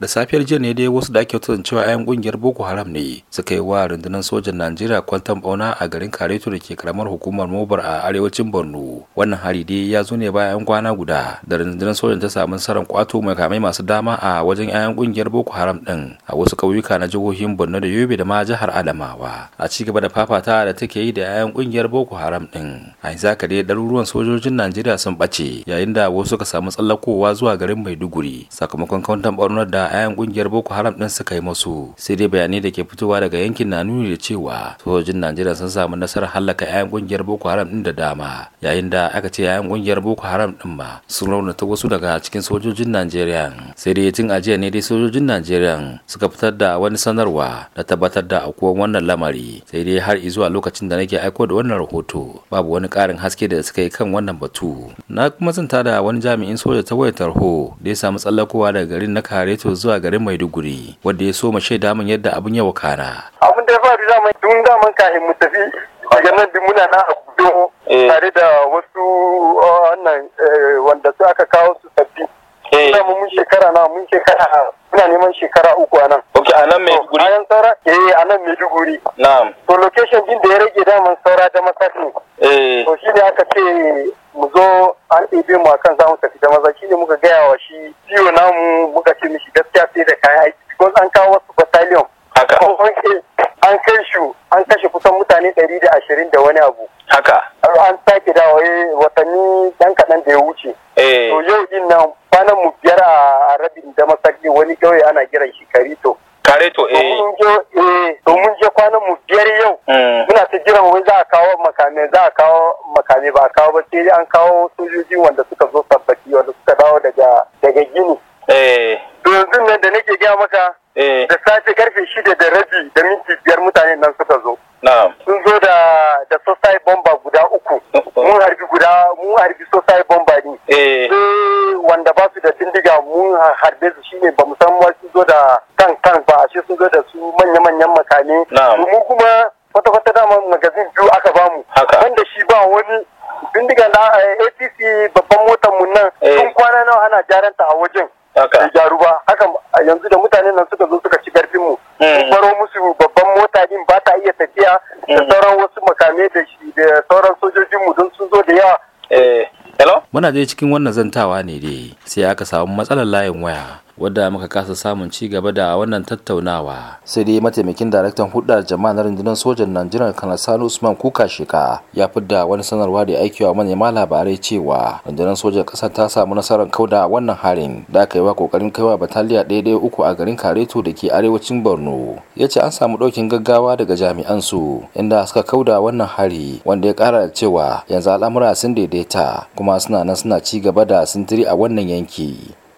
da safiyar jiya ne dai wasu da ake tutan cewa ayan kungiyar boko haram ne suka yi wa rundunar sojan najeriya kwantan bauna a garin kareto da ke karamar hukumar mobar a arewacin borno wannan hari dai ya zo ne bayan kwana guda da rundunar sojan ta samu nasarar kwato mai makamai masu dama a wajen 'ya'yan kungiyar boko haram din a wasu ƙauyuka na jihohin borno da yobe da ma jihar adamawa a ci gaba da fafata da take yi da 'ya'yan kungiyar boko haram din a yanzu haka dai ɗaruruwan sojojin najeriya sun ɓace yayin da wasu suka samu tsallakowa zuwa garin maiduguri sakamakon kwantan bauna da da 'ya'yan kungiyar boko haram din suka yi musu sai dai bayanai da ke fitowa daga yankin na nuni da cewa sojojin najeriya sun samu nasarar hallaka 'ya'yan kungiyar boko haram din da dama yayin da aka ce 'ya'yan kungiyar boko haram din ma sun raunata wasu daga cikin sojojin najeriya sai dai tun ajiya ne dai sojojin najeriya suka fitar da wani sanarwa da tabbatar da aukuwan wannan lamari sai dai har zuwa lokacin da nake aiko da wannan rahoto babu wani karin haske da suka yi kan wannan batu na kuma zanta da wani jami'in soja ta wayar tarho da ya samu tsallakowa daga garin na kareto zuwa garin maiduguri wanda ya so mu shaida min yadda abun ya wakara. abin da ya faru zaman tun daman kafin mu tafi a ganin din muna na akudo eh. tare da wasu wannan eh, wanda su aka kawo su sabbi eh. mu mun shekara na mun shekara muna neman shekara uku a nan ok a nan maiduguri a nan saura eh a nan maiduguri na'am to location din da ya rage daman saura da masar ne to ne aka ce zo an ɗebe mu akan za mu tafi da maza shine muka gaya wa shi ciwo namu muka ce mishi gaskiya sai da kayan aiki because an kawo wasu battalion an kai shu an kashe kusan mutane ɗari da ashirin da wani abu haka an sake dawo eh, watanni ɗan kaɗan da ya wuce eh. to yau din nan kwanan mu biyar a rabin da masaki wani kauye ana kiran shi kareto. kareto eh kawo makamai za a kawo makamai ba a kawo ba sai an kawo sojoji wanda suka zo sabbaki wanda suka dawo daga daga gini eh. yanzu nan da nake gaya maka eh. da safe karfe shida da rabi da minti biyar mutane nan suka zo sun zo da da sosai bomba guda uku mun harbi guda mun harbi sosai bomba ne eh. wanda ba su da tindiga mun harbe su shine ba musamman sun zo da kan kan ba a sun zo da su manya-manyan makane mun kuma kwata-kwata dama magazin wani bindiga na eh, apc babban motar mu nan sun eh. kwana nawa ana jaranta a wajen da gyaru ba haka yanzu da mutane nan suka zo suka ci karfin mu hmm. sun baro musu babban mota din ba ta iya tafiya da hmm. sauran wasu makame da shi da sauran sojojin mu don sun zo da yawa eh, Hello? Muna dai cikin wannan zantawa ne dai sai aka samu matsalar layin waya wadda muka kasa samun ci gaba da wannan tattaunawa sai dai mataimakin daraktan hudda jama'a na rundunar sojan najeriya kanar sani usman kuka sheka ya fidda wani sanarwa da aiki wa manema labarai cewa rundunar sojan ƙasa ta samu nasarar kauda wannan harin da aka yi wa kokarin kaiwa bataliya ɗaya ɗaya uku a garin kareto da ke arewacin borno ya ce an samu ɗaukin gaggawa daga jami'an su inda suka kauda wannan hari wanda ya ƙara cewa yanzu al'amura sun daidaita kuma suna nan suna ci gaba da sintiri a wannan yanki